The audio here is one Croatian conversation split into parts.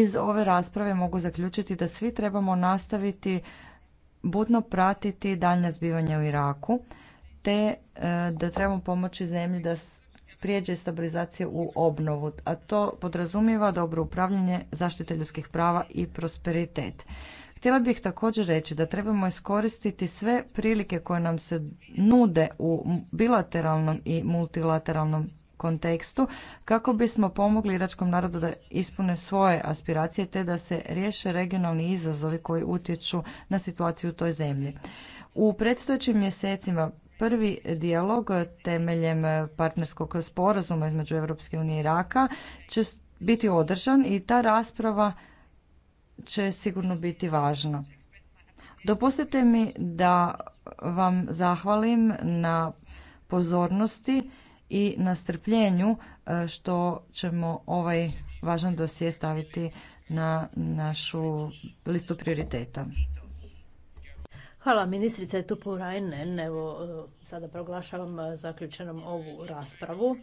Iz ove rasprave mogu zaključiti da svi trebamo nastaviti budno pratiti daljnja zbivanja u Iraku, te e, da trebamo pomoći zemlji da prijeđe stabilizacije u obnovu, a to podrazumijeva dobro upravljanje, zaštite ljudskih prava i prosperitet. Htjela bih također reći da trebamo iskoristiti sve prilike koje nam se nude u bilateralnom i multilateralnom kontekstu kako bismo pomogli iračkom narodu da ispune svoje aspiracije te da se riješe regionalni izazovi koji utječu na situaciju u toj zemlji. U predstojećim mjesecima prvi dijalog temeljem partnerskog sporazuma između Europske unije i Iraka će biti održan i ta rasprava će sigurno biti važna. Dopustite mi da vam zahvalim na pozornosti i na strpljenju e, što ćemo ovaj važan dosije staviti na našu listu prioriteta. Hvala ministrice Tupurajnen. Evo, e, sada proglašavam e, zaključenom ovu raspravu.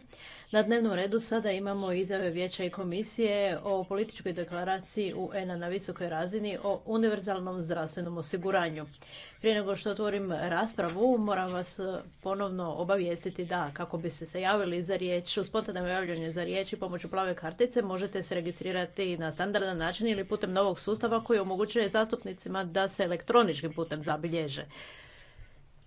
Na dnevnom redu sada imamo izjave Vijeća i komisije o političkoj deklaraciji UN-a na visokoj razini o univerzalnom zdravstvenom osiguranju. Prije nego što otvorim raspravu, moram vas ponovno obavijestiti da kako biste se javili za riječ, u spontanom javljanju za riječ i pomoću plave kartice možete se registrirati na standardan način ili putem novog sustava koji omogućuje zastupnicima da se elektroničkim putem zabilježe.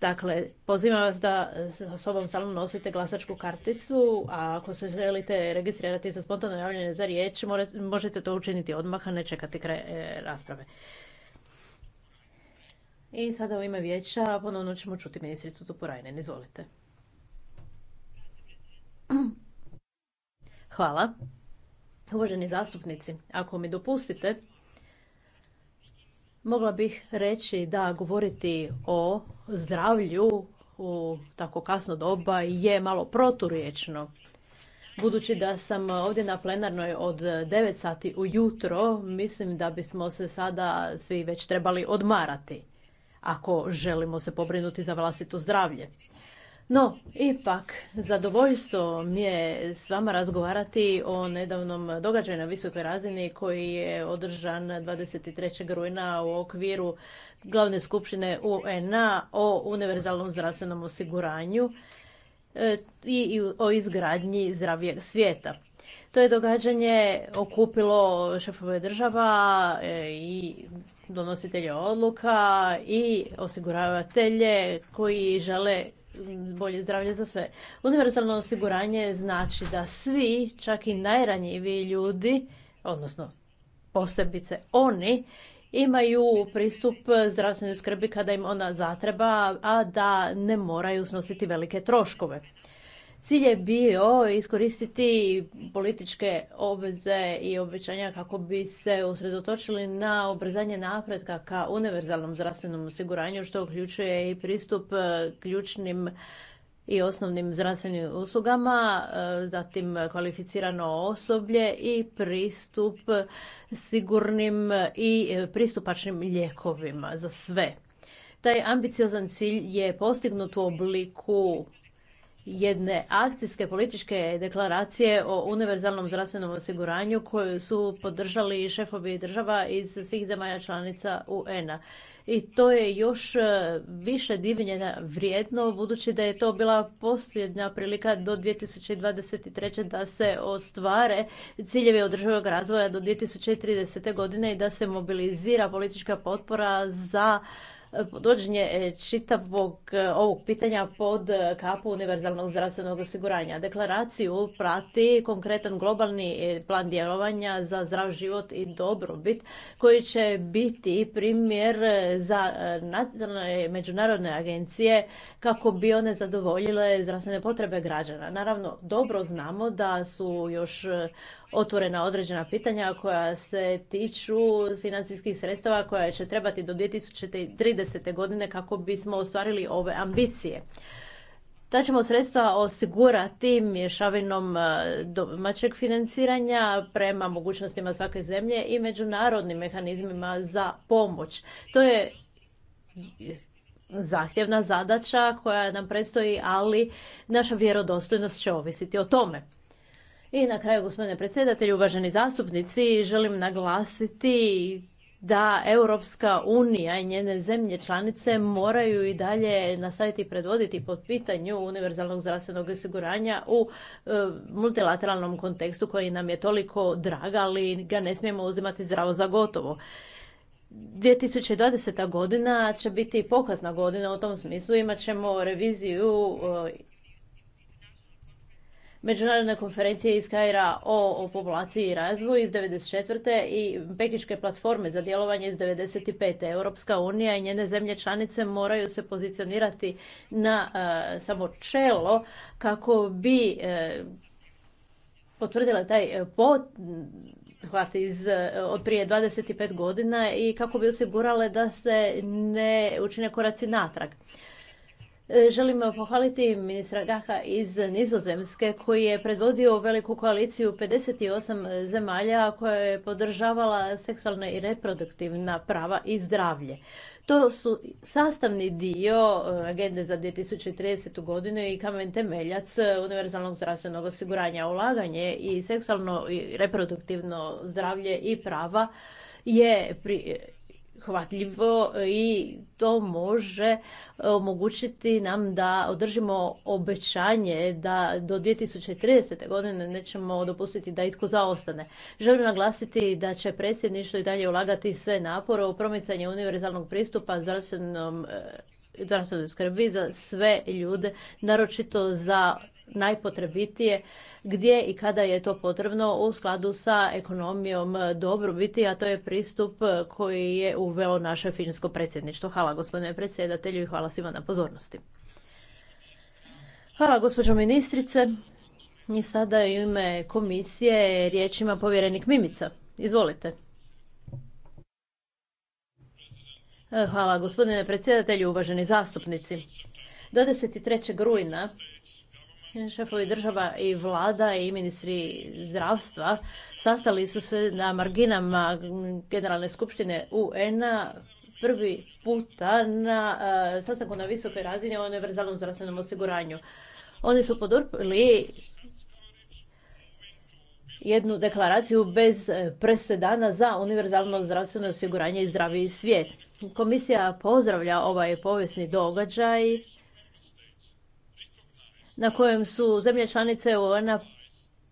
Dakle, pozivam vas da sa sobom stalno nosite glasačku karticu, a ako se želite registrirati za spontano javljanje za riječ, možete to učiniti odmah, a ne čekati kraj e, rasprave. I sada u ime vijeća ponovno ćemo čuti ministricu Tuporajnen. Izvolite. Hvala. Uvaženi zastupnici, ako mi dopustite, Mogla bih reći da govoriti o zdravlju u tako kasno doba je malo proturiječno. Budući da sam ovdje na plenarnoj od 9 sati ujutro, mislim da bismo se sada svi već trebali odmarati ako želimo se pobrinuti za vlastito zdravlje. No, ipak, zadovoljstvo mi je s vama razgovarati o nedavnom događaju na visokoj razini koji je održan 23. rujna u okviru glavne skupštine UNA o univerzalnom zdravstvenom osiguranju e, i o izgradnji zdravijeg svijeta. To je događanje okupilo šefove država e, i donositelje odluka i osiguravatelje koji žele bolje zdravlje za sve. Univerzalno osiguranje znači da svi, čak i najranjiviji ljudi, odnosno posebice oni, imaju pristup zdravstvenoj skrbi kada im ona zatreba, a da ne moraju snositi velike troškove. Cilj je bio iskoristiti političke obveze i obećanja kako bi se usredotočili na obrzanje napretka ka univerzalnom zdravstvenom osiguranju, što uključuje i pristup e, ključnim i osnovnim zdravstvenim uslugama, e, zatim kvalificirano osoblje i pristup sigurnim i pristupačnim lijekovima za sve. Taj ambiciozan cilj je postignut u obliku jedne akcijske političke deklaracije o univerzalnom zdravstvenom osiguranju koju su podržali šefovi država iz svih zemalja članica UN-a. I to je još e, više divljenja vrijedno, budući da je to bila posljednja prilika do 2023. da se ostvare ciljevi održivog razvoja do 2030. godine i da se mobilizira politička potpora za podođenje e, čitavog e, ovog pitanja pod e, kapu univerzalnog zdravstvenog osiguranja. Deklaraciju prati konkretan globalni plan djelovanja za zdrav život i dobrobit koji će biti primjer za nacionalne međunarodne agencije kako bi one zadovoljile zdravstvene potrebe građana. Naravno, dobro znamo da su još otvorena određena pitanja koja se tiču financijskih sredstava koja će trebati do 2030. godine kako bismo ostvarili ove ambicije. Ta ćemo sredstva osigurati mješavinom e, domaćeg financiranja prema mogućnostima svake zemlje i međunarodnim mehanizmima za pomoć. To je zahtjevna zadaća koja nam predstoji, ali naša vjerodostojnost će ovisiti o tome. I na kraju, gospodine predsjedatelju, uvaženi zastupnici, želim naglasiti da Europska unija i njene zemlje članice moraju i dalje nastaviti predvoditi po pitanju univerzalnog zdravstvenog osiguranja u e, multilateralnom kontekstu koji nam je toliko drag, ali ga ne smijemo uzimati zdravo za gotovo. 2020. godina će biti pokazna godina u tom smislu. Imat ćemo reviziju e, međunarodne konferencije iz Kaira o, populaciji i razvoju iz 1994. i pekičke platforme za djelovanje iz 1995. Europska unija i njene zemlje članice moraju se pozicionirati na e, samo čelo kako bi e, potvrdile taj e, pot, iz od prije 25 godina i kako bi osigurale da se ne učine koraci natrag. E, želim pohvaliti ministra Gaha iz Nizozemske koji je predvodio veliku koaliciju 58 zemalja koja je podržavala seksualna i reproduktivna prava i zdravlje. To su sastavni dio e, agende za 2030. godinu i kamen temeljac univerzalnog zdravstvenog osiguranja. Ulaganje i seksualno i reproduktivno zdravlje i prava je pri prihvatljivo i to može e, omogućiti nam da održimo obećanje da do 2030. godine nećemo dopustiti da itko zaostane. Želim naglasiti da će predsjedništvo i dalje ulagati sve napore u promicanje univerzalnog pristupa zdravstvenom e, zdravstvenoj skrbi za sve ljude, naročito za najpotrebitije gdje i kada je to potrebno u skladu sa ekonomijom dobrobiti, a to je pristup koji je uveo naše finsko predsjedništvo. Hvala gospodine predsjedatelju i hvala svima na pozornosti. Hvala gospođo ministrice. I sada u ime komisije riječima povjerenik Mimica. Izvolite. Hvala gospodine predsjedatelju, uvaženi zastupnici. 23. rujna Šefovi država i vlada i ministri zdravstva sastali su se na marginama Generalne skupštine UN-a prvi puta na eh, sastanku na visokoj razini o univerzalnom zdravstvenom osiguranju. Oni su podurpili jednu deklaraciju bez eh, presedana za univerzalno zdravstveno osiguranje i zdraviji svijet. Komisija pozdravlja ovaj povijesni događaj na kojem su zemlje članice UN-a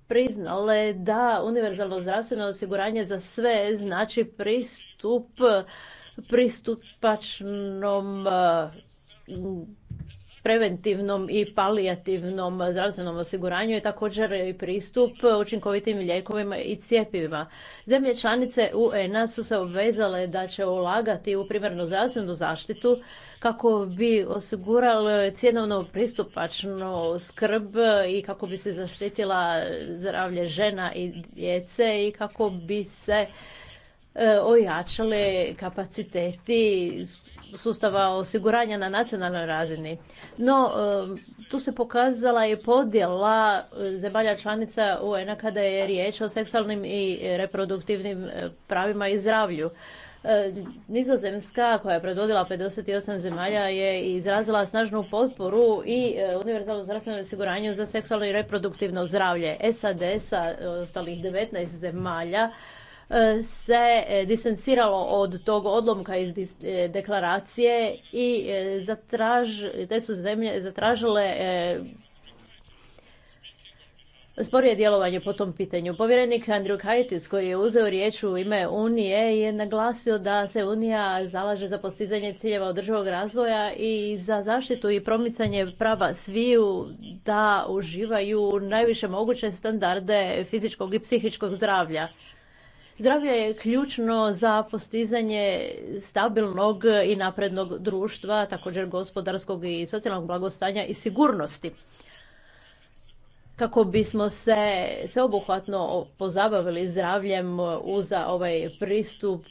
priznale da univerzalno zdravstveno osiguranje za sve znači pristup pristupačnom preventivnom i palijativnom zdravstvenom osiguranju je također i pristup učinkovitim lijekovima i cjepivima. Zemlje članice UN-a su se obvezale da će ulagati u primarnu zdravstvenu zaštitu kako bi osigurali cjenovno pristupačnu skrb i kako bi se zaštitila zdravlje žena i djece i kako bi se e, ojačale kapaciteti sustava osiguranja na nacionalnoj razini. No, um, tu se pokazala i podjela uh, zemalja članica UN-a kada je riječ o seksualnim i reproduktivnim uh, pravima i zdravlju. Uh, Nizozemska, koja je predvodila 58 zemalja, je izrazila snažnu potporu i univerzalno zdravstvenom osiguranju za seksualno i reproduktivno zdravlje. SAD sa ostalih 19 zemalja E, se e, distanciralo od tog odlomka iz e, deklaracije i te su zemlje zatražile sporije djelovanje po tom pitanju. Povjerenik Andrew Kajtis koji je uzeo riječ u ime Unije je naglasio da se Unija zalaže za postizanje ciljeva održivog razvoja i za zaštitu i promicanje prava sviju da uživaju najviše moguće standarde fizičkog i psihičkog zdravlja. Zdravlje je ključno za postizanje stabilnog i naprednog društva, također gospodarskog i socijalnog blagostanja i sigurnosti. Kako bismo se sveobuhvatno pozabavili zdravljem uza ovaj pristup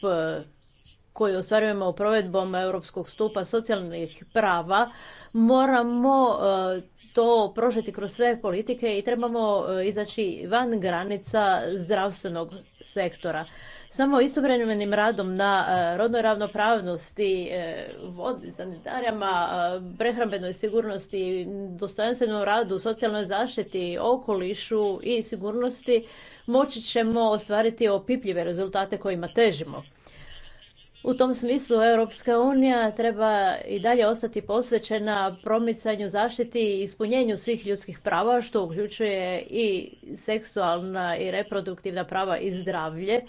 koji ostvarujemo provedbom Europskog stupa socijalnih prava, moramo to prožeti kroz sve politike i trebamo e, izaći van granica zdravstvenog sektora. Samo istovremenim radom na e, rodnoj ravnopravnosti, e, vodi, sanitarijama, prehrambenoj sigurnosti, dostojanstvenom radu, socijalnoj zaštiti, okolišu i sigurnosti moći ćemo ostvariti opipljive rezultate kojima težimo. U tom smislu Europska unija treba i dalje ostati posvećena promicanju zaštiti i ispunjenju svih ljudskih prava, što uključuje i seksualna i reproduktivna prava i zdravlje.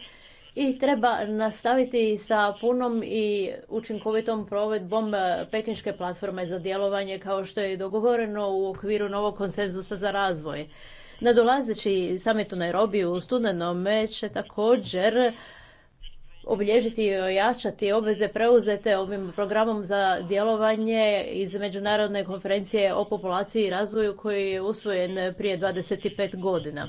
I treba nastaviti sa punom i učinkovitom provedbom pekinške platforme za djelovanje kao što je dogovoreno u okviru novog konsenzusa za razvoj. Nadolazeći samitu Nairobi u studenome će također obilježiti i e, ojačati obveze preuzete ovim programom za djelovanje iz Međunarodne konferencije o populaciji i razvoju koji je usvojen prije 25 godina.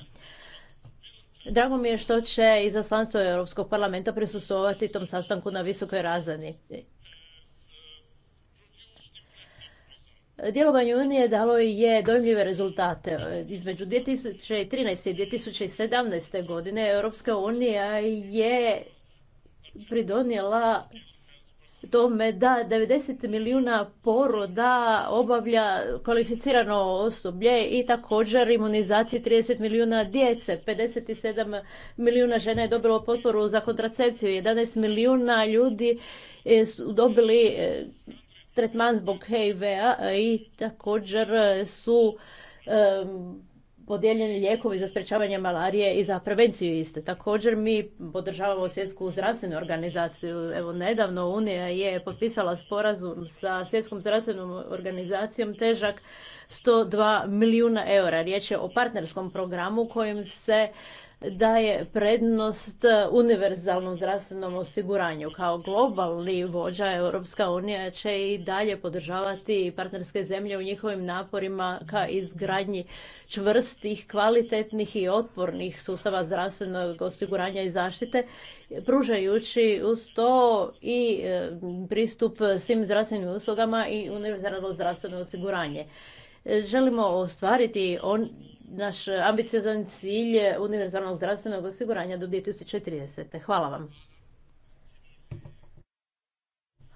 Drago mi je što će izaslanstvo Europskog parlamenta prisustovati tom sastanku na visokoj razini. Djelovanje Unije dalo je dojmljive rezultate. Između 2013. i 2017. godine Europska unija je pridonijela tome da 90 milijuna poroda obavlja kvalificirano osoblje i također imunizacije 30 milijuna djece. 57 milijuna žena je dobilo potporu za kontracepciju. 11 milijuna ljudi su dobili e, tretman zbog HIV-a e, i također su podijeljeni lijekovi za sprečavanje malarije i za prevenciju iste. Također mi podržavamo svjetsku zdravstvenu organizaciju. Evo nedavno Unija je potpisala sporazum sa svjetskom zdravstvenom organizacijom težak 102 milijuna eura. Riječ je o partnerskom programu kojim se daje prednost univerzalnom zdravstvenom osiguranju. Kao globalni vođa Europska unija će i dalje podržavati partnerske zemlje u njihovim naporima ka izgradnji čvrstih, kvalitetnih i otpornih sustava zdravstvenog osiguranja i zaštite, pružajući uz to i e, pristup svim zdravstvenim uslugama i univerzalno zdravstveno osiguranje želimo ostvariti on, naš ambiciozan cilj je univerzalnog zdravstvenog osiguranja do 2030. Hvala vam.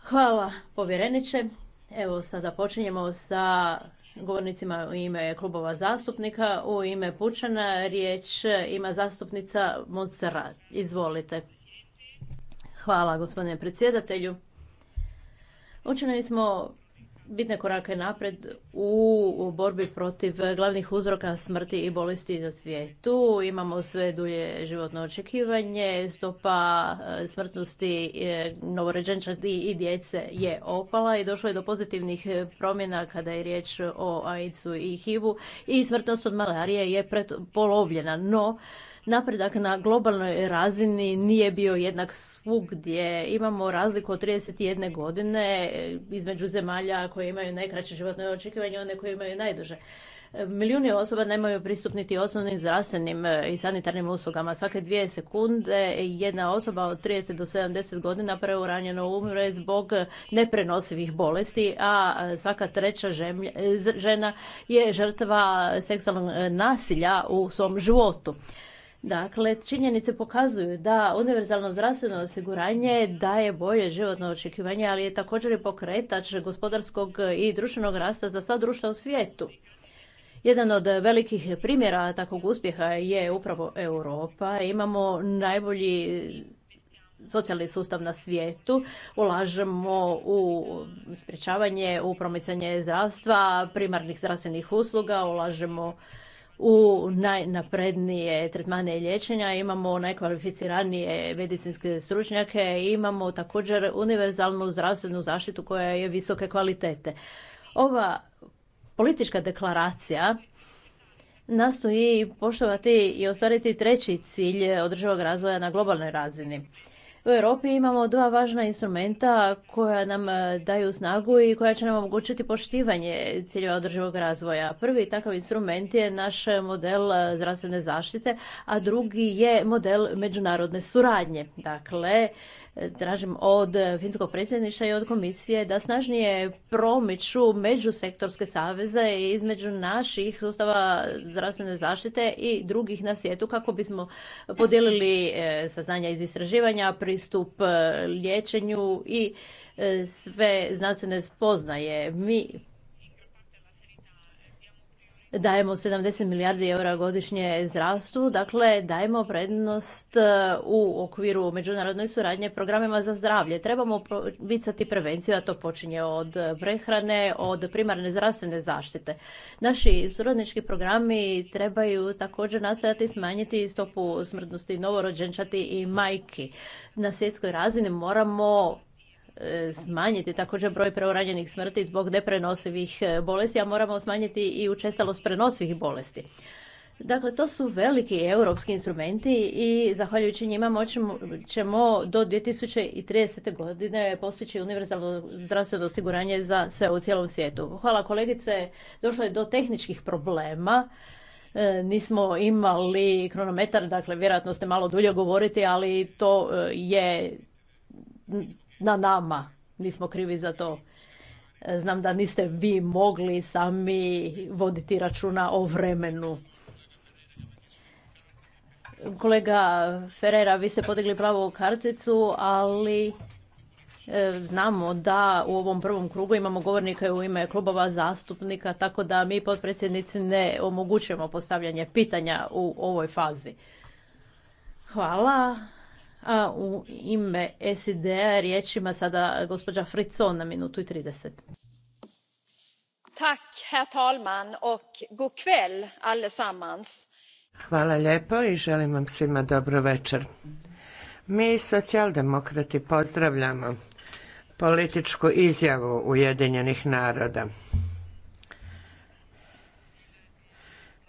Hvala povjereniče. Evo sada počinjemo sa govornicima u ime klubova zastupnika. U ime Pučana riječ ima zastupnica Mozara. Izvolite. Hvala gospodine predsjedatelju. Učinili smo bitne korake napred u borbi protiv glavnih uzroka smrti i bolesti na svijetu. Imamo sve duje životno očekivanje, stopa e, smrtnosti e, novoređenča i djece je opala i došlo je do pozitivnih promjena kada je riječ o AIDS-u i HIV-u i smrtnost od malarije je polovljena, no napredak na globalnoj razini nije bio jednak svugdje. Imamo razliku od 31 godine između zemalja koje imaju najkraće životno očekivanje i one koje imaju najduže. Milijuni osoba nemaju pristup niti osnovnim zdravstvenim i sanitarnim uslugama. Svake dvije sekunde jedna osoba od 30 do 70 godina preuranjeno umre zbog neprenosivih bolesti, a svaka treća žena je žrtva seksualnog nasilja u svom životu. Dakle, činjenice pokazuju da univerzalno zdravstveno osiguranje daje bolje životno očekivanje, ali je također i pokretač gospodarskog i društvenog rasta za sva društva u svijetu. Jedan od velikih primjera takvog uspjeha je upravo Europa. Imamo najbolji socijalni sustav na svijetu, ulažemo u sprječavanje, u promicanje zdravstva, primarnih zdravstvenih usluga, ulažemo u najnaprednije tretmane i liječenja, imamo najkvalificiranije medicinske stručnjake, imamo također univerzalnu zdravstvenu zaštitu koja je visoke kvalitete. Ova politička deklaracija nastoji poštovati i ostvariti treći cilj održivog razvoja na globalnoj razini. U Europi imamo dva važna instrumenta koja nam e, daju snagu i koja će nam omogućiti poštivanje ciljeva održivog razvoja. Prvi takav instrument je naš model e, zdravstvene zaštite, a drugi je model međunarodne suradnje. Dakle, tražim od finskog predsjedništva i od komisije da snažnije promiču međusektorske saveze između naših sustava zdravstvene zaštite i drugih na svijetu kako bismo podijelili e, saznanja iz istraživanja, pristup e, liječenju i e, sve znanstvene spoznaje. Mi dajemo 70 milijardi eura godišnje zdravstvu, dakle dajemo prednost e, u okviru međunarodne suradnje programima za zdravlje. Trebamo vicati prevenciju, a to počinje od prehrane, od primarne zdravstvene zaštite. Naši suradnički programi trebaju također nastojati smanjiti stopu smrtnosti novorođenčati i majki. Na svjetskoj razini moramo E, smanjiti također broj preuranjenih smrti zbog neprenosivih e, bolesti, a moramo smanjiti i učestalost prenosivih bolesti. Dakle, to su veliki europski instrumenti i zahvaljujući njima ćemo do 2030. godine postići univerzalno zdravstveno osiguranje za sve u cijelom svijetu. Hvala kolegice, došlo je do tehničkih problema. E, nismo imali kronometar, dakle vjerojatno ste malo dulje govoriti, ali to je na nama. Nismo krivi za to. E, znam da niste vi mogli sami voditi računa o vremenu. Kolega Ferrera, vi ste podigli pravu karticu, ali e, znamo da u ovom prvom krugu imamo govornike u ime klubova zastupnika, tako da mi potpredsjednici ne omogućujemo postavljanje pitanja u ovoj fazi. Hvala. A u ime SID-a riječ sada gospođa Fricon na minutu i 30. Tak, herr talman, och god kväll allesammans. Hvala lijepo i želim vam svima dobro večer. Mi socijaldemokrati pozdravljamo političku izjavu Ujedinjenih naroda.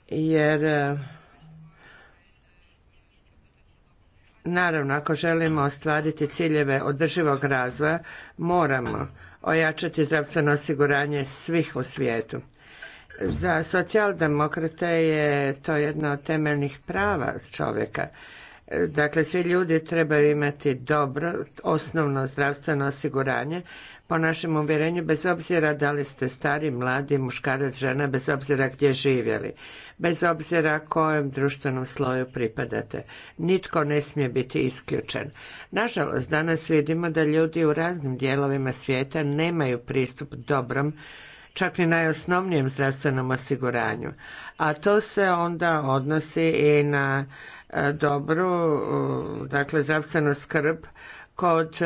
Jer Naravno, ako želimo ostvariti ciljeve održivog razvoja, moramo ojačati zdravstveno osiguranje svih u svijetu. Za socijaldemokrate je to jedno od temeljnih prava čovjeka. Dakle, svi ljudi trebaju imati dobro osnovno zdravstveno osiguranje po našem uvjerenju, bez obzira da li ste stari, mladi, muškarac, žena, bez obzira gdje živjeli, bez obzira kojem društvenom sloju pripadate. Nitko ne smije biti isključen. Nažalost, danas vidimo da ljudi u raznim dijelovima svijeta nemaju pristup dobrom, čak i najosnovnijem zdravstvenom osiguranju. A to se onda odnosi i na e, dobru, dakle zdravstvenu skrb kod e,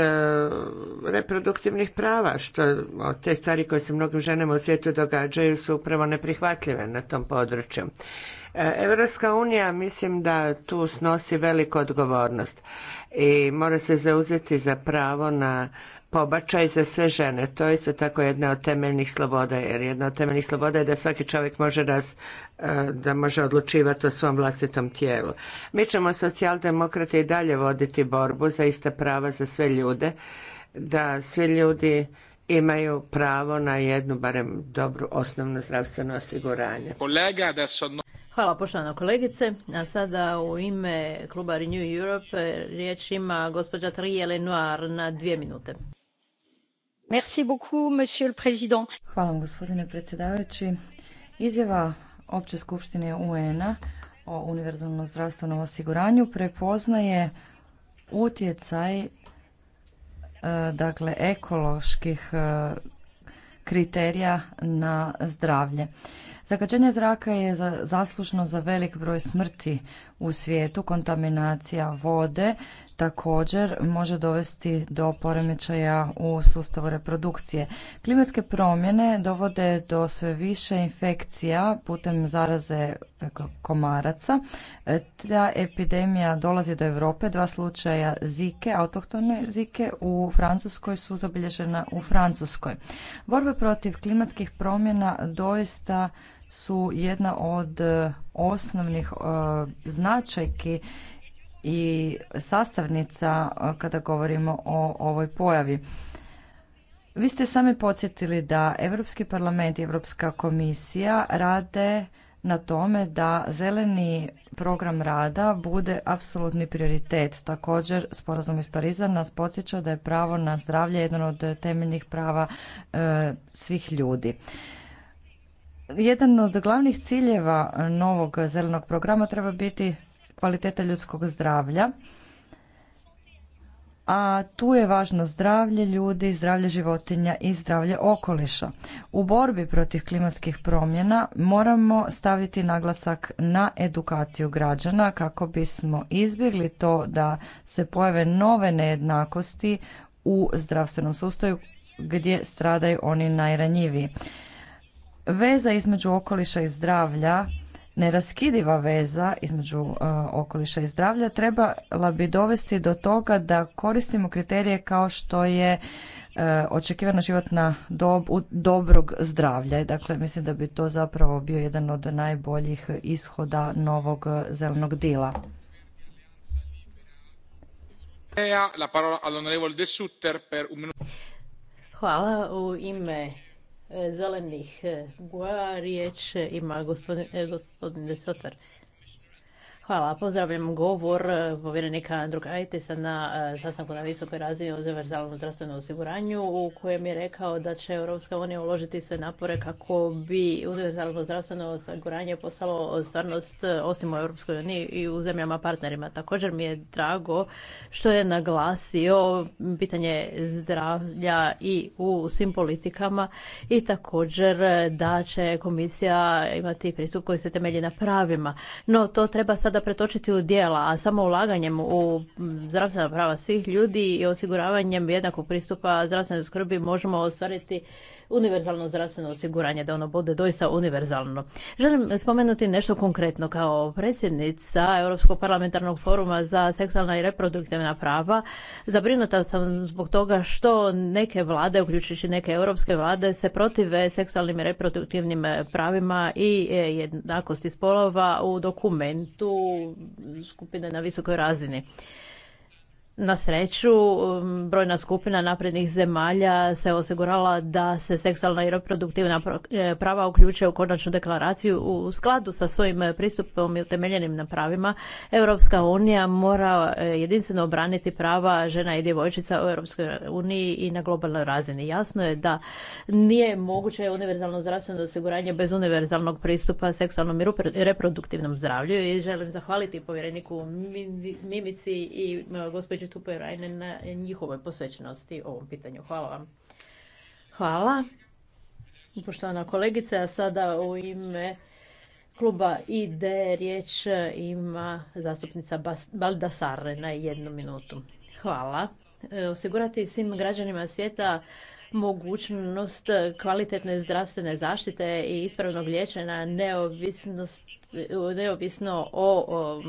reproduktivnih prava, što te stvari koje se mnogim ženama u svijetu događaju su upravo neprihvatljive na tom području. Europska unija mislim da tu snosi veliku odgovornost i mora se zauzeti za pravo na pobačaj za sve žene. To je isto tako jedna od temeljnih sloboda, jer jedna od temeljnih sloboda je da svaki čovjek može e, da može odlučivati o svom vlastitom tijelu. Mi ćemo socijaldemokrati i dalje voditi borbu za ista prava za sve ljude, da svi ljudi imaju pravo na jednu barem dobru osnovno zdravstveno osiguranje. Hvala poštovana kolegice. A sada u ime kluba Renew Europe riječ ima gospođa Trije na dvije minute. Hvala vam, gospodine predsjedavajući. Izjava Opće skupštine UN-a o univerzalnom zdravstvenom osiguranju prepoznaje utjecaj e, dakle ekoloških e, kriterija na zdravlje. Zagađenje zraka je zaslužno za velik broj smrti u svijetu, kontaminacija vode također može dovesti do poremećaja u sustavu reprodukcije. Klimatske promjene dovode do sve više infekcija putem zaraze komaraca. E, ta epidemija dolazi do Europe, dva slučaja zike, autohtone zike u Francuskoj su zabilježena u Francuskoj. Borbe protiv klimatskih promjena doista su jedna od e, osnovnih e, značajki i sastavnica kada govorimo o ovoj pojavi. Vi ste sami podsjetili da Europski parlament i Europska komisija rade na tome da zeleni program rada bude apsolutni prioritet. Također, sporazum iz Pariza nas podsjeća da je pravo na zdravlje jedan od temeljnih prava e, svih ljudi. Jedan od glavnih ciljeva novog zelenog programa treba biti kvaliteta ljudskog zdravlja. A tu je važno zdravlje ljudi, zdravlje životinja i zdravlje okoliša. U borbi protiv klimatskih promjena moramo staviti naglasak na edukaciju građana kako bismo izbjegli to da se pojave nove nejednakosti u zdravstvenom sustavu gdje stradaju oni najranjiviji. Veza između okoliša i zdravlja neraskidiva veza između e, okoliša i zdravlja trebala bi dovesti do toga da koristimo kriterije kao što je e, očekivana životna dob u dobrog zdravlja. Dakle, mislim da bi to zapravo bio jedan od najboljih ishoda novog zelenog dila. Hvala u ime E, zelenih boja. E, riječ e, ima gospodine gospodin Sotar. Hvala. Pozdravljam govor e, povjerenika Andru Kajtisa na e, sastanku na visokoj razini o univerzalnom zdravstvenom osiguranju u kojem je rekao da će Europska unija uložiti sve napore kako bi univerzalno zdravstveno osiguranje postalo stvarnost e, osim u Europskoj uniji i u zemljama partnerima. Također mi je drago što je naglasio pitanje zdravlja i u svim politikama i također da će komisija imati pristup koji se temelji na pravima. No to treba sada pretočiti u dijela, a samo ulaganjem u zdravstvena prava svih ljudi i osiguravanjem jednakog pristupa zdravstvenoj skrbi možemo ostvariti univerzalno zdravstveno osiguranje, da ono bude doista univerzalno. Želim spomenuti nešto konkretno kao predsjednica Europskog parlamentarnog foruma za seksualna i reproduktivna prava. Zabrinuta sam zbog toga što neke vlade, uključujući neke europske vlade, se protive seksualnim i reproduktivnim pravima i jednakosti spolova u dokumentu skupine na visokoj razini. Na sreću, um, brojna skupina naprednih zemalja se osigurala da se seksualna i reproduktivna e, prava uključe u konačnu deklaraciju u skladu sa svojim pristupom i utemeljenim na pravima. Europska unija mora e, jedinstveno obraniti prava žena i djevojčica u Europskoj uniji i na globalnoj razini. Jasno je da nije moguće univerzalno zdravstveno osiguranje bez univerzalnog pristupa seksualnom i reproduktivnom zdravlju i želim zahvaliti povjereniku Mimici i e, gospođu tu Tupoj na njihovoj posvećenosti ovom pitanju. Hvala vam. Hvala. Poštovana kolegica, a sada u ime kluba ID riječ ima zastupnica Baldasare na jednu minutu. Hvala. E, osigurati svim građanima svijeta mogućnost kvalitetne zdravstvene zaštite i ispravnog liječenja neovisno o,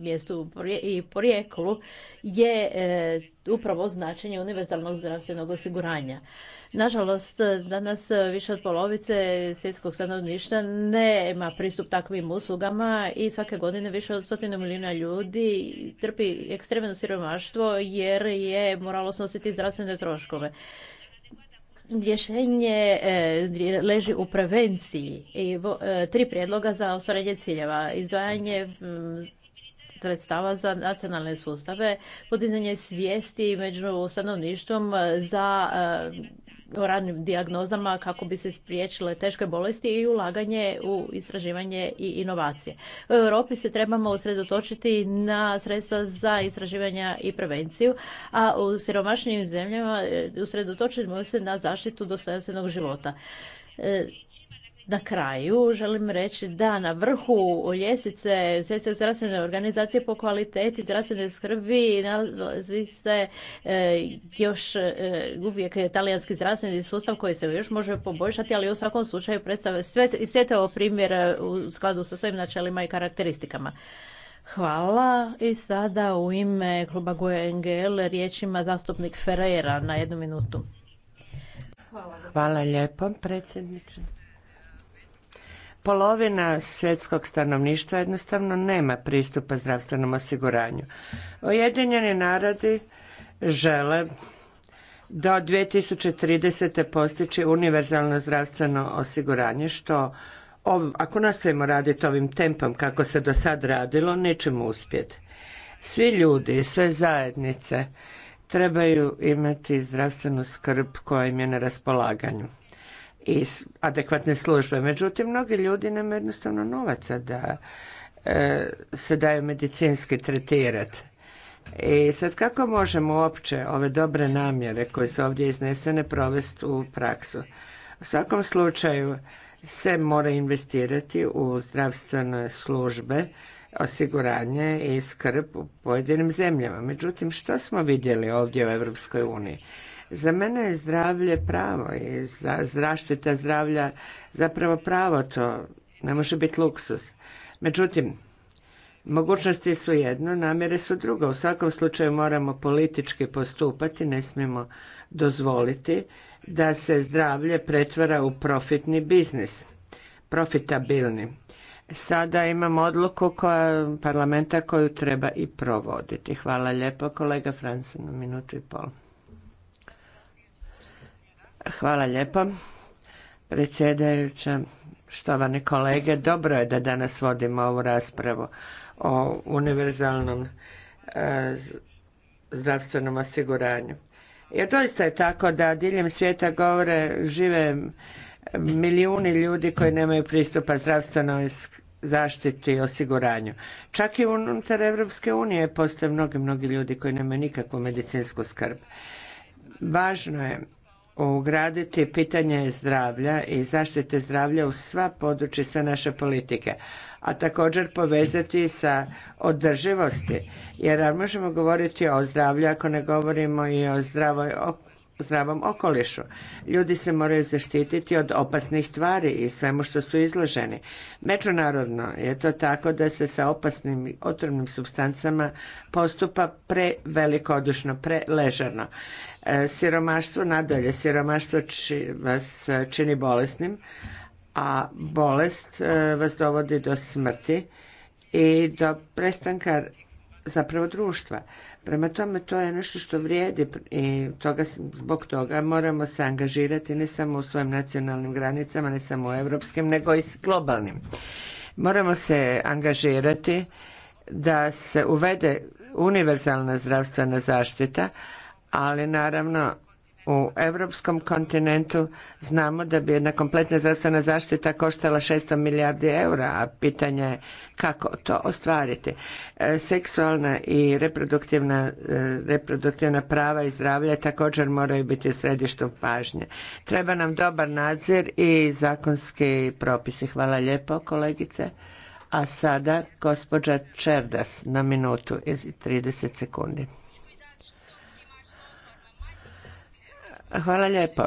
mjestu i porijeklu je e, upravo značenje univerzalnog zdravstvenog osiguranja. Nažalost, danas više od polovice svjetskog stanovništva nema pristup takvim uslugama i svake godine više od stotinu milijuna ljudi trpi ekstremno siromaštvo jer je moralo snositi zdravstvene troškove. Rješenje e, leži u prevenciji i e, tri prijedloga za ostvarenje ciljeva. Izdvajanje sredstava za nacionalne sustave, podizanje svijesti među stanovništvom za e, o ranim dijagnozama kako bi se spriječile teške bolesti i ulaganje u istraživanje i inovacije. U Europi se trebamo usredotočiti na sredstva za istraživanja i prevenciju, a u siromašnim zemljama e, usredotočimo se na zaštitu dostojanstvenog života. E, na kraju želim reći da na vrhu ljestvice Svjetske zdravstvene organizacije po kvaliteti zdravstvene skrbi nalazi se e, još e, uvijek talijanski zdravstveni sustav koji se još može poboljšati, ali u svakom slučaju predstavlja to primjer e, u skladu sa svojim načelima i karakteristikama. Hvala i sada u ime kluba e riječ riječima zastupnik Ferreira na jednu minutu. Hvala, Hvala lijepo predsjedniče. Polovina svjetskog stanovništva jednostavno nema pristupa zdravstvenom osiguranju. Ujedinjeni narodi žele do 2030. postići univerzalno zdravstveno osiguranje, što ako nastavimo raditi ovim tempom kako se do sad radilo, nećemo uspjeti. Svi ljudi i sve zajednice trebaju imati zdravstvenu skrb koja im je na raspolaganju i adekvatne službe. Međutim, mnogi ljudi nemaju jednostavno novaca da e, se daju medicinski tretirati. I sad kako možemo uopće ove dobre namjere koje su ovdje iznesene provesti u praksu? U svakom slučaju se mora investirati u zdravstvene službe, osiguranje i skrb u pojedinim zemljama. Međutim, što smo vidjeli ovdje u Europskoj uniji? Za mene je zdravlje pravo i zaštita zdravlja zapravo pravo to ne može biti luksus. Međutim, mogućnosti su jedno, namjere su drugo. U svakom slučaju moramo politički postupati, ne smijemo dozvoliti da se zdravlje pretvara u profitni biznis, profitabilni. Sada imamo odluku koja, parlamenta koju treba i provoditi. Hvala lijepo kolega Fransen, minutu i pol. Hvala lijepo. Predsjedajuća, štovane kolege, dobro je da danas vodimo ovu raspravu o univerzalnom e, zdravstvenom osiguranju. Jer doista je tako da diljem svijeta govore, žive milijuni ljudi koji nemaju pristupa zdravstvenoj zaštiti i osiguranju. Čak i unutar Europske unije postoje mnogi, mnogi ljudi koji nemaju nikakvu medicinsku skrb. Važno je ugraditi pitanje zdravlja i zaštite zdravlja u sva područja sve naše politike, a također povezati sa održivosti, jer možemo govoriti o zdravlju ako ne govorimo i o zdravoj zdravom okolišu. Ljudi se moraju zaštititi od opasnih tvari i svemu što su izloženi. Međunarodno je to tako da se sa opasnim i otrovnim substancama postupa prevelikodušno, preležerno. E, siromaštvo nadalje, siromaštvo vas čini bolesnim, a bolest e, vas dovodi do smrti i do prestanka zapravo društva. Prema tome, to je nešto što vrijedi i toga, zbog toga moramo se angažirati ne samo u svojim nacionalnim granicama, ne samo u europskim, nego i s globalnim. Moramo se angažirati da se uvede univerzalna zdravstvena zaštita, ali naravno u europskom kontinentu znamo da bi jedna kompletna zdravstvena zaštita koštala 600 milijardi eura, a pitanje je kako to ostvariti. E, seksualna i reproduktivna, e, reproduktivna prava i zdravlje također moraju biti u središtu pažnje. Treba nam dobar nadzir i zakonski propisi. Hvala lijepo kolegice. A sada gospođa Čerdas na minutu i 30 sekundi. Hvala lijepo.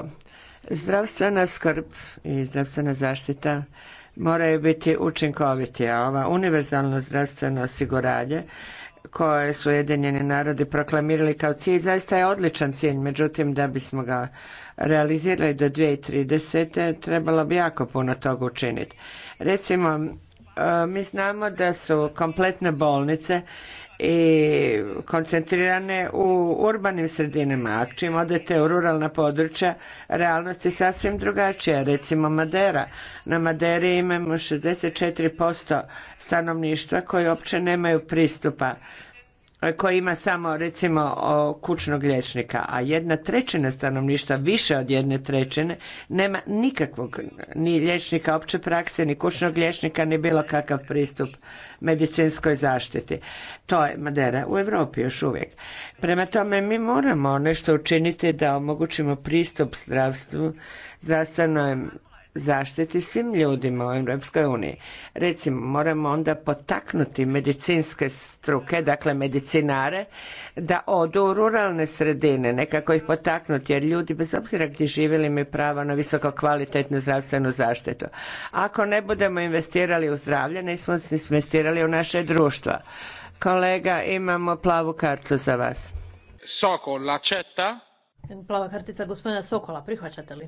Zdravstvena skrb i zdravstvena zaštita moraju biti učinkoviti, a ova univerzalno zdravstveno osiguranje koje su Ujedinjeni narodi proklamirali kao cilj, zaista je odličan cilj, međutim da bismo ga realizirali do 2030. trebalo bi jako puno toga učiniti. Recimo, e, mi znamo da su kompletne bolnice i koncentrirane u urbanim sredinama. A čim odete u ruralna područja, realnost je sasvim drugačija. Recimo Madera. Na Maderi imamo 64% stanovništva koji uopće nemaju pristupa koji ima samo recimo kućnog liječnika, a jedna trećina stanovništva, više od jedne trećine, nema nikakvog ni liječnika opće prakse, ni kućnog liječnika, ni bilo kakav pristup medicinskoj zaštiti. To je Madera u Europi još uvijek. Prema tome mi moramo nešto učiniti da omogućimo pristup zdravstvu, zdravstvenoj zaštiti svim ljudima u Europskoj uniji. Recimo, moramo onda potaknuti medicinske struke, dakle medicinare, da odu u ruralne sredine, nekako ih potaknuti, jer ljudi bez obzira gdje živjeli imaju pravo na visoko kvalitetnu zdravstvenu zaštitu. Ako ne budemo investirali u zdravlje, nismo investirali u naše društva. Kolega, imamo plavu kartu za vas. Sokol, Plava kartica gospodina Sokola, prihvaćate li?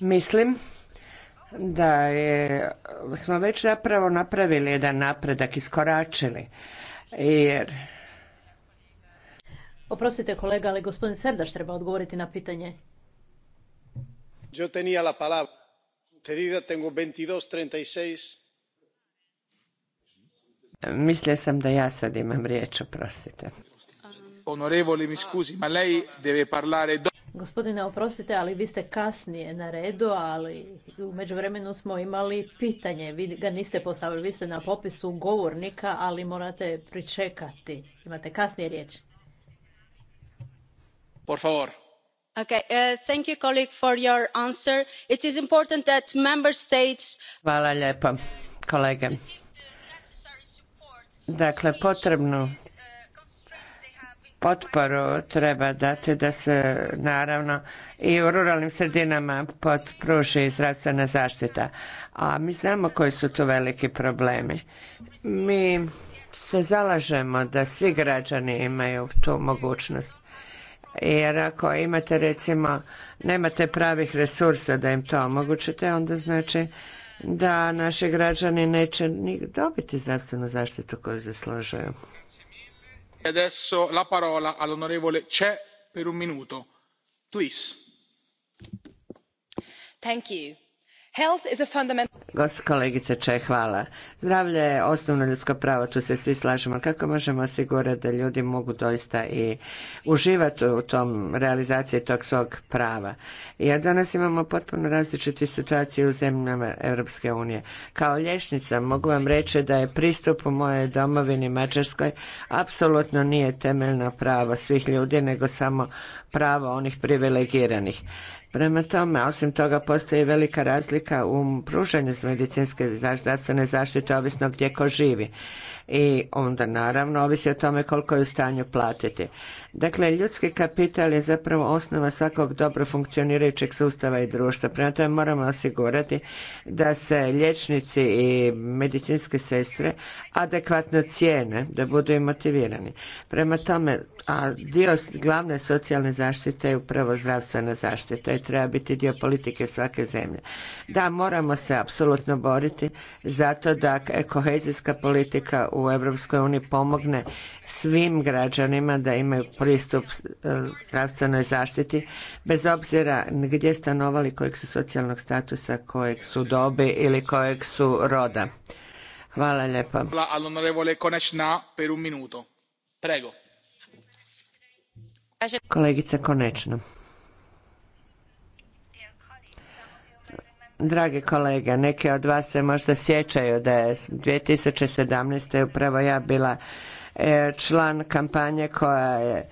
Mislim da smo već zapravo napravili jedan napredak, iskoračili. Jer... Oprostite kolega, ali gospodin Serdaš treba odgovoriti na pitanje. Mislio sam da ja sad imam riječ, oprostite. Onorevole, mi scusi, ma lei deve parlare... Gospodine, oprostite, ali vi ste kasnije na redu, ali u međuvremenu smo imali pitanje. Vi ga niste postavili, vi ste na popisu govornika, ali morate pričekati. Imate kasnije riječ. Por favor. Okay, uh, thank you colleague for your answer. It is important that member states... Hvala lijepo, kolege. Dakle, potrebno potporu treba dati da se naravno i u ruralnim sredinama pruži zdravstvena zaštita. A mi znamo koji su tu veliki problemi. Mi se zalažemo da svi građani imaju tu mogućnost. Jer ako imate recimo, nemate pravih resursa da im to omogućite, onda znači da naši građani neće ni dobiti zdravstvenu zaštitu koju zaslužuju. E adesso la parola all'onorevole ce per un minuto. Kolegice Če, hvala. Zdravlje je osnovno ljudsko pravo, tu se svi slažemo. Kako možemo osigurati da ljudi mogu doista i uživati u tom realizaciji tog svog prava? Jer danas imamo potpuno različite situacije u zemljama Europske unije. Kao liječnica mogu vam reći da je pristup u mojoj domovini Mađarskoj apsolutno nije temeljno pravo svih ljudi, nego samo pravo onih privilegiranih. Prema tome, osim toga postoji velika razlika u pružanju medicinske zdravstvene zaštite ovisno gdje ko živi. I onda naravno ovisi o tome koliko je u stanju platiti. Dakle, ljudski kapital je zapravo osnova svakog dobro funkcionirajućeg sustava i društva. Prema tome moramo osigurati da se liječnici i medicinske sestre adekvatno cijene, da budu i motivirani. Prema tome, a dio glavne socijalne zaštite je upravo zdravstvena zaštita i treba biti dio politike svake zemlje. Da, moramo se apsolutno boriti zato da kohezijska politika u EU pomogne svim građanima da imaju pristup e, zdravstvenoj zaštiti bez obzira gdje stanovali, kojeg su socijalnog statusa, kojeg su dobi ili kojeg su roda. Hvala lijepa. Kolegica konečno. Drage kolege, neke od vas se možda sjećaju da je 2017. upravo ja bila E, član kampanje koja je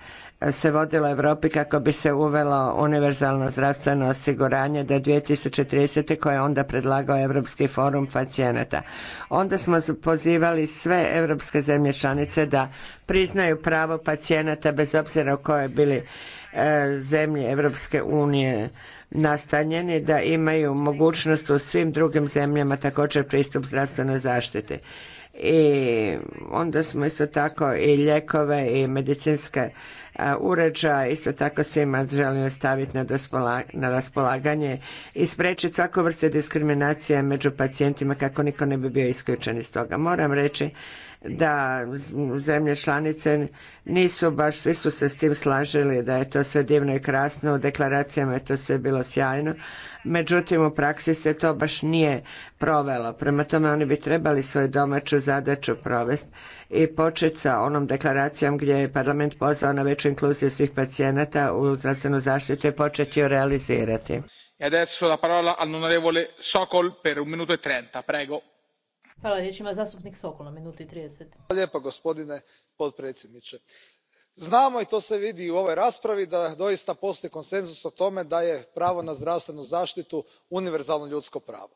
se vodila u Europi kako bi se uvelo univerzalno zdravstveno osiguranje do 2030. koje je onda predlagao Europski forum pacijenata. Onda smo pozivali sve europske zemlje članice da priznaju pravo pacijenata bez obzira u kojoj bili e, zemlji Europske unije nastanjeni da imaju mogućnost u svim drugim zemljama također pristup zdravstvenoj zaštiti i onda smo isto tako i ljekove i medicinske Uh, uređaja isto tako svima želim staviti na raspolaganje i spriječiti svaku vrstu diskriminacije među pacijentima kako niko ne bi bio isključen iz toga. Moram reći da zemlje članice nisu baš, svi su se s tim slažili da je to sve divno i krasno, u deklaracijama je to sve bilo sjajno, međutim u praksi se to baš nije provelo. Prema tome oni bi trebali svoju domaću zadaću provesti i početi sa onom deklaracijom gdje je parlament pozvao na veću inkluziju svih pacijenata u zdravstvenu zaštitu i početi ju realizirati. Hvala, ima zastupnik Sokol na i Lijepa, gospodine potpredsjedniče. Znamo i to se vidi i u ovoj raspravi da doista postoji konsenzus o tome da je pravo na zdravstvenu zaštitu univerzalno ljudsko pravo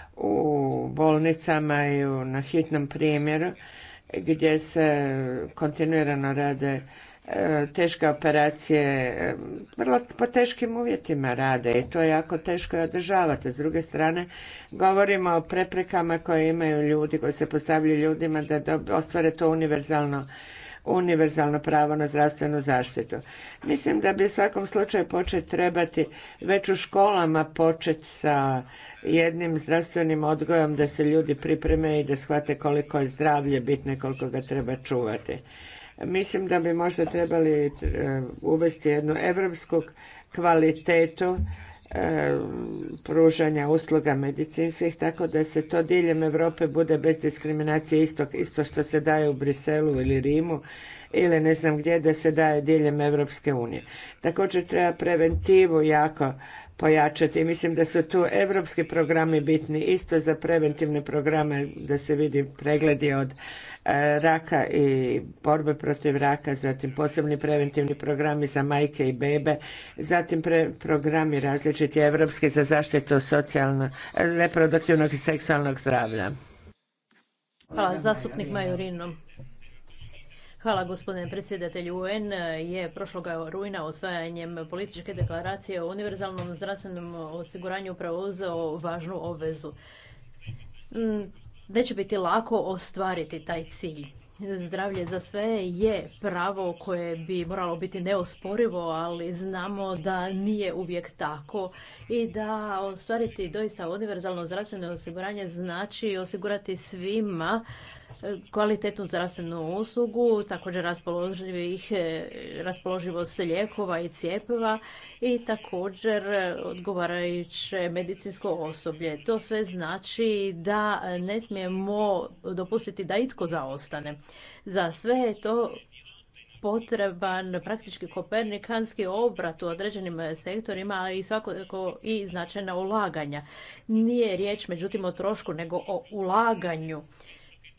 u bolnicama i na hitnom primjeru gdje se kontinuirano rade e, teške operacije, e, vrlo po teškim uvjetima rade i to je jako teško je održavati. S druge strane, govorimo o preprekama koje imaju ljudi, koji se postavljaju ljudima da ostvare to univerzalno univerzalno pravo na zdravstvenu zaštitu. Mislim da bi u svakom slučaju počet trebati već u školama počet sa jednim zdravstvenim odgojem da se ljudi pripreme i da shvate koliko je zdravlje bitno i koliko ga treba čuvati. Mislim da bi možda trebali eh, uvesti jednu evropsku kvalitetu E, pružanja usluga medicinskih, tako da se to diljem Europe bude bez diskriminacije isto, isto što se daje u Briselu ili Rimu ili ne znam gdje da se daje diljem Europske unije. Također treba preventivu jako pojačati. Mislim da su tu europski programi bitni isto za preventivne programe da se vidi pregledi od E, raka i borbe protiv raka, zatim posebni preventivni programi za majke i bebe, zatim programi različiti evropski za zaštitu socijalno, e, reproduktivnog i seksualnog zdravlja. Hvala, zastupnik Majorino. Hvala gospodine predsjedatelju. UN je prošloga rujna osvajanjem političke deklaracije o univerzalnom zdravstvenom osiguranju preuzeo važnu obvezu neće biti lako ostvariti taj cilj. Zdravlje za sve je pravo koje bi moralo biti neosporivo, ali znamo da nije uvijek tako i da ostvariti doista univerzalno zdravstveno osiguranje znači osigurati svima kvalitetnu zdravstvenu uslugu, također raspoloživih, e, raspoloživost lijekova i cijepova i također odgovarajuće medicinsko osoblje. To sve znači da ne smijemo dopustiti da itko zaostane. Za sve je to potreban praktički kopernikanski obrat u određenim sektorima i svakako i značajna ulaganja. Nije riječ međutim o trošku nego o ulaganju.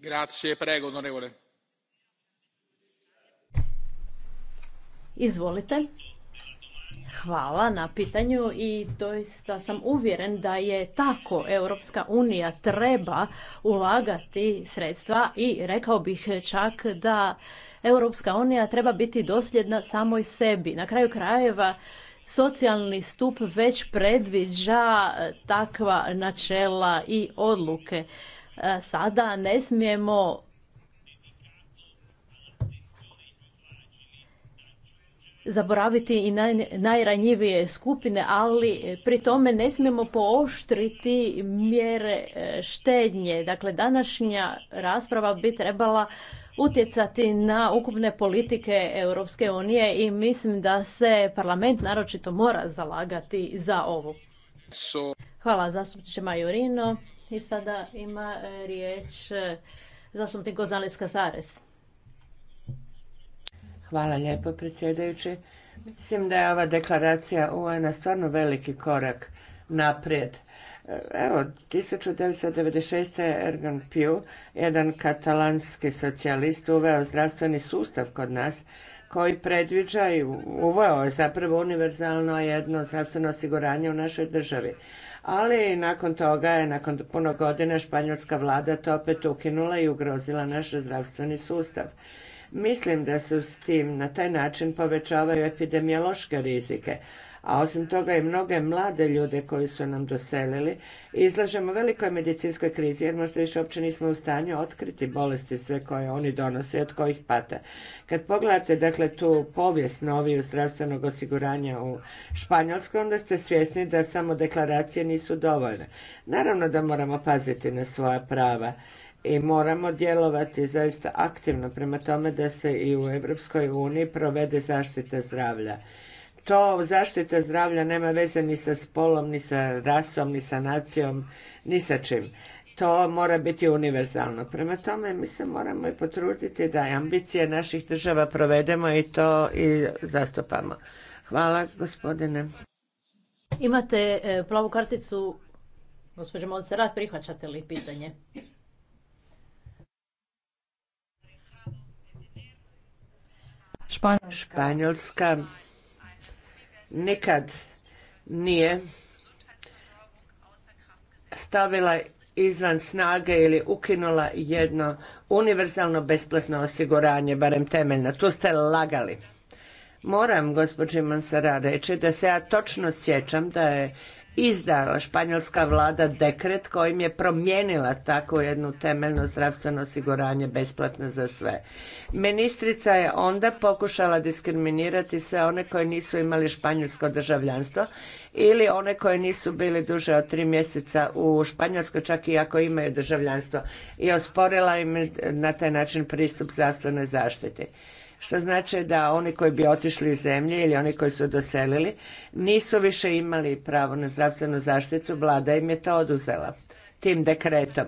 Grazie, Izvolite. Hvala na pitanju i doista sam uvjeren da je tako Europska unija treba ulagati sredstva i rekao bih čak da Europska unija treba biti dosljedna samoj sebi. Na kraju krajeva socijalni stup već predviđa takva načela i odluke. E, sada ne smijemo zaboraviti i najranjivije skupine, ali pri tome ne smijemo pooštriti mjere e, štednje. Dakle, današnja rasprava bi trebala utjecati na ukupne politike Europske unije i mislim da se parlament naročito mora zalagati za ovo. Hvala zastupniče Majorino. I sada ima e, riječ e, zastupnik Gozales Kazares. Hvala lijepo predsjedajući. Mislim da je ova deklaracija un stvarno veliki korak naprijed. E, evo, 1996. Ergan Piu, jedan katalanski socijalist, uveo zdravstveni sustav kod nas koji predviđa i uveo je zapravo univerzalno jedno zdravstveno osiguranje u našoj državi ali nakon toga je, nakon puno godina, španjolska vlada to opet ukinula i ugrozila naš zdravstveni sustav. Mislim da su s tim na taj način povećavaju epidemiološke rizike, a osim toga i mnoge mlade ljude koji su nam doselili izlažemo velikoj medicinskoj krizi jer možda više uopće nismo u stanju otkriti bolesti sve koje oni donose i od kojih pate. Kad pogledate dakle tu povijest noviju zdravstvenog osiguranja u Španjolskoj onda ste svjesni da samo deklaracije nisu dovoljne. Naravno da moramo paziti na svoja prava i moramo djelovati zaista aktivno prema tome da se i u Europskoj uniji provede zaštita zdravlja to zaštita zdravlja nema veze ni sa spolom, ni sa rasom, ni sa nacijom, ni sa čim. To mora biti univerzalno. Prema tome mi se moramo i potruditi da ambicije naših država provedemo i to i zastupamo. Hvala gospodine. Imate e, plavu karticu, gospođo Monserrat, prihvaćate li pitanje? Španjolska nikad nije stavila izvan snage ili ukinula jedno univerzalno besplatno osiguranje, barem temeljno. Tu ste lagali. Moram, gospođi Monsara, reći da se ja točno sjećam da je izdala španjolska vlada dekret kojim je promijenila tako jedno temeljno zdravstveno osiguranje besplatno za sve. Ministrica je onda pokušala diskriminirati sve one koji nisu imali španjolsko državljanstvo ili one koji nisu bili duže od tri mjeseca u Španjolskoj, čak i ako imaju državljanstvo i osporila im na taj način pristup zdravstvenoj zaštiti što znači da oni koji bi otišli iz zemlje ili oni koji su doselili nisu više imali pravo na zdravstvenu zaštitu, vlada im je to oduzela tim dekretom.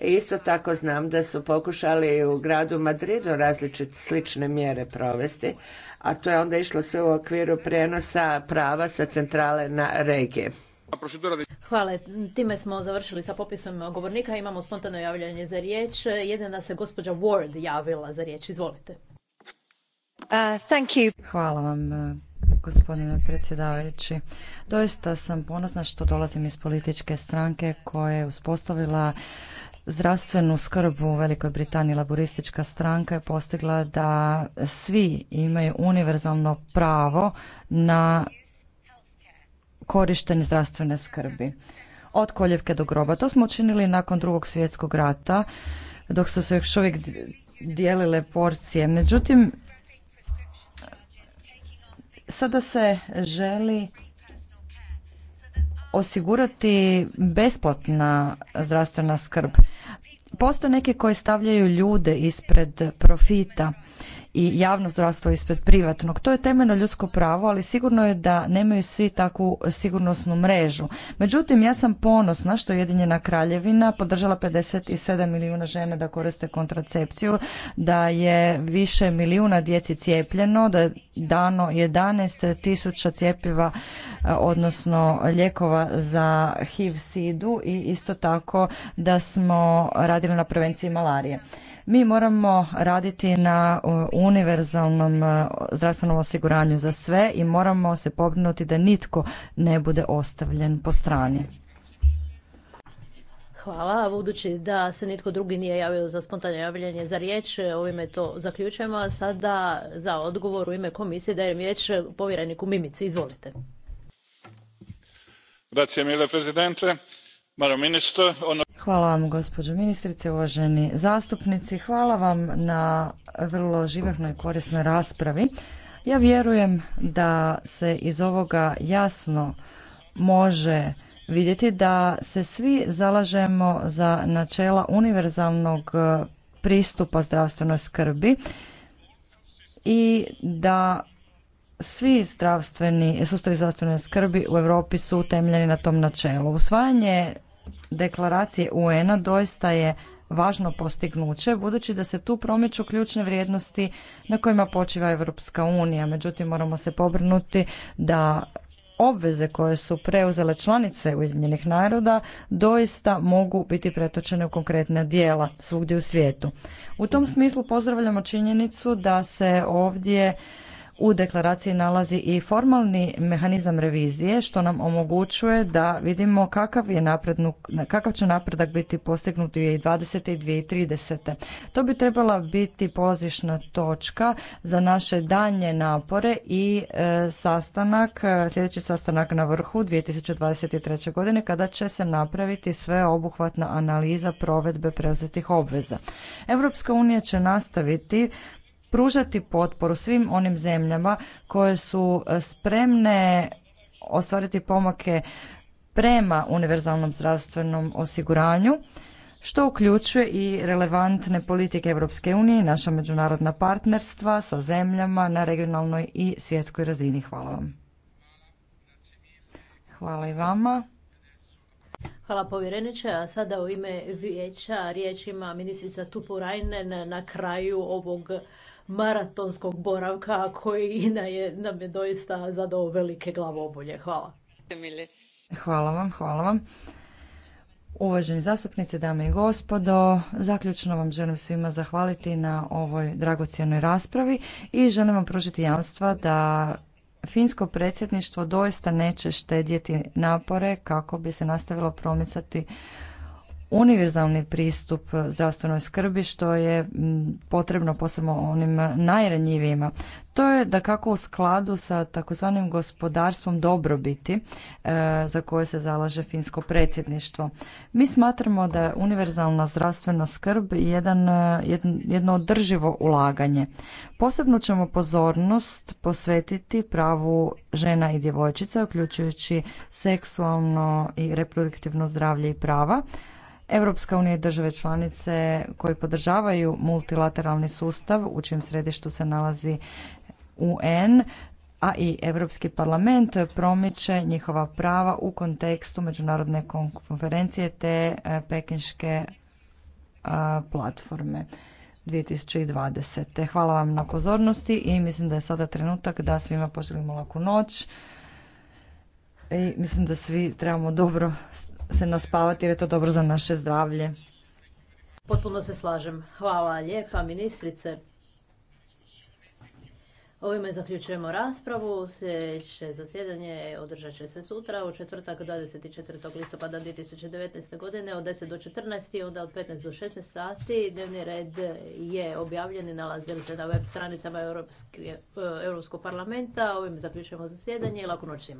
Isto tako znam da su pokušali u gradu Madridu različite slične mjere provesti, a to je onda išlo sve u okviru prijenosa prava sa centrale na regije. Hvala, time smo završili sa popisom govornika. Imamo spontano javljanje za riječ. Jedina se gospođa Ward javila za riječ. Izvolite. Uh, Hvala vam uh, gospodine predsjedavajući. Doista sam ponosna što dolazim iz političke stranke koja je uspostavila zdravstvenu skrb u Velikoj Britaniji laboristička stranka je postigla da svi imaju univerzalno pravo na korištenje zdravstvene skrbi. Od koljevke do groba. To smo učinili nakon drugog svjetskog rata dok su se još uvijek dijelile porcije. Međutim, Sada se želi osigurati besplatna zdravstvena skrb. Postoje neki koji stavljaju ljude ispred profita i javno zdravstvo ispred privatnog. To je temeljno ljudsko pravo, ali sigurno je da nemaju svi takvu sigurnosnu mrežu. Međutim, ja sam ponosna što je Jedinjena Kraljevina podržala 57 milijuna žene da koriste kontracepciju, da je više milijuna djeci cijepljeno, da je dano 11 tisuća cijepiva, odnosno lijekova za HIV-SIDU i isto tako da smo radili na prevenciji malarije. Mi moramo raditi na uh, univerzalnom uh, zdravstvenom osiguranju za sve i moramo se pobrinuti da nitko ne bude ostavljen po strani. Hvala. Budući da se nitko drugi nije javio za spontano javljanje za riječ, ovime to zaključujemo. A sada za odgovor u ime komisije dajem riječ povjereniku Mimici. Izvolite. Grazie mille, maro Hvala vam gospođo ministrice, uvaženi zastupnici. Hvala vam na vrlo živahnoj i korisnoj raspravi. Ja vjerujem da se iz ovoga jasno može vidjeti da se svi zalažemo za načela univerzalnog pristupa zdravstvenoj skrbi i da svi zdravstveni, sustavi zdravstvene skrbi u Europi su utemljeni na tom načelu. Usvajanje deklaracije UN-a doista je važno postignuće budući da se tu promiču ključne vrijednosti na kojima počiva Europska unija. Međutim, moramo se pobrnuti da obveze koje su preuzele članice Ujedinjenih naroda doista mogu biti pretočene u konkretna dijela svugdje u svijetu. U tom smislu pozdravljamo činjenicu da se ovdje u deklaraciji nalazi i formalni mehanizam revizije što nam omogućuje da vidimo kakav, je naprednu, kakav će napredak biti postignut 2020. i 2030. To bi trebala biti polazišna točka za naše danje napore i e, sastanak, e, sljedeći sastanak na vrhu 2023. godine kada će se napraviti sveobuhvatna analiza provedbe preuzetih obveza. Europska unija će nastaviti pružati potporu svim onim zemljama koje su e, spremne ostvariti pomake prema univerzalnom zdravstvenom osiguranju što uključuje i relevantne politike Europske unije i naša međunarodna partnerstva sa zemljama na regionalnoj i svjetskoj razini. Hvala vam. Hvala i vama. Hvala povjereniče, a sada u ime vijeća riječ ministrica Tupu na kraju ovog maratonskog boravka koji nam je doista zadao velike glavobolje. Hvala. Hvala vam, hvala vam. Uvaženi zastupnici, dame i gospodo, zaključno vam želim svima zahvaliti na ovoj dragocjenoj raspravi i želim vam pružiti jamstva da finsko predsjedništvo doista neće štedjeti napore kako bi se nastavilo promicati univerzalni pristup zdravstvenoj skrbi što je potrebno posebno onim najranjivijima. To je da kako u skladu sa takozvanim gospodarstvom dobrobiti e, za koje se zalaže finsko predsjedništvo. Mi smatramo da je univerzalna zdravstvena skrb jedan, e, jedno održivo ulaganje. Posebno ćemo pozornost posvetiti pravu žena i djevojčica, uključujući seksualno i reproduktivno zdravlje i prava, Europska unija i države članice koji podržavaju multilateralni sustav u čijem središtu se nalazi UN, a i Europski parlament promiče njihova prava u kontekstu međunarodne konferencije te e, pekinške e, platforme 2020. Hvala vam na pozornosti i mislim da je sada trenutak da svima poželimo laku noć i mislim da svi trebamo dobro se naspavati jer je to dobro za naše zdravlje. Potpuno se slažem. Hvala lijepa ministrice. Ovime zaključujemo raspravu. Sljedeće zasjedanje održat će se sutra u četvrtak 24. listopada 2019. godine od 10 do 14 i onda od 15 do 16 sati. Dnevni red je objavljen i nalazili se na web stranicama Europskog parlamenta. Ovime zaključujemo zasjedanje i lako noć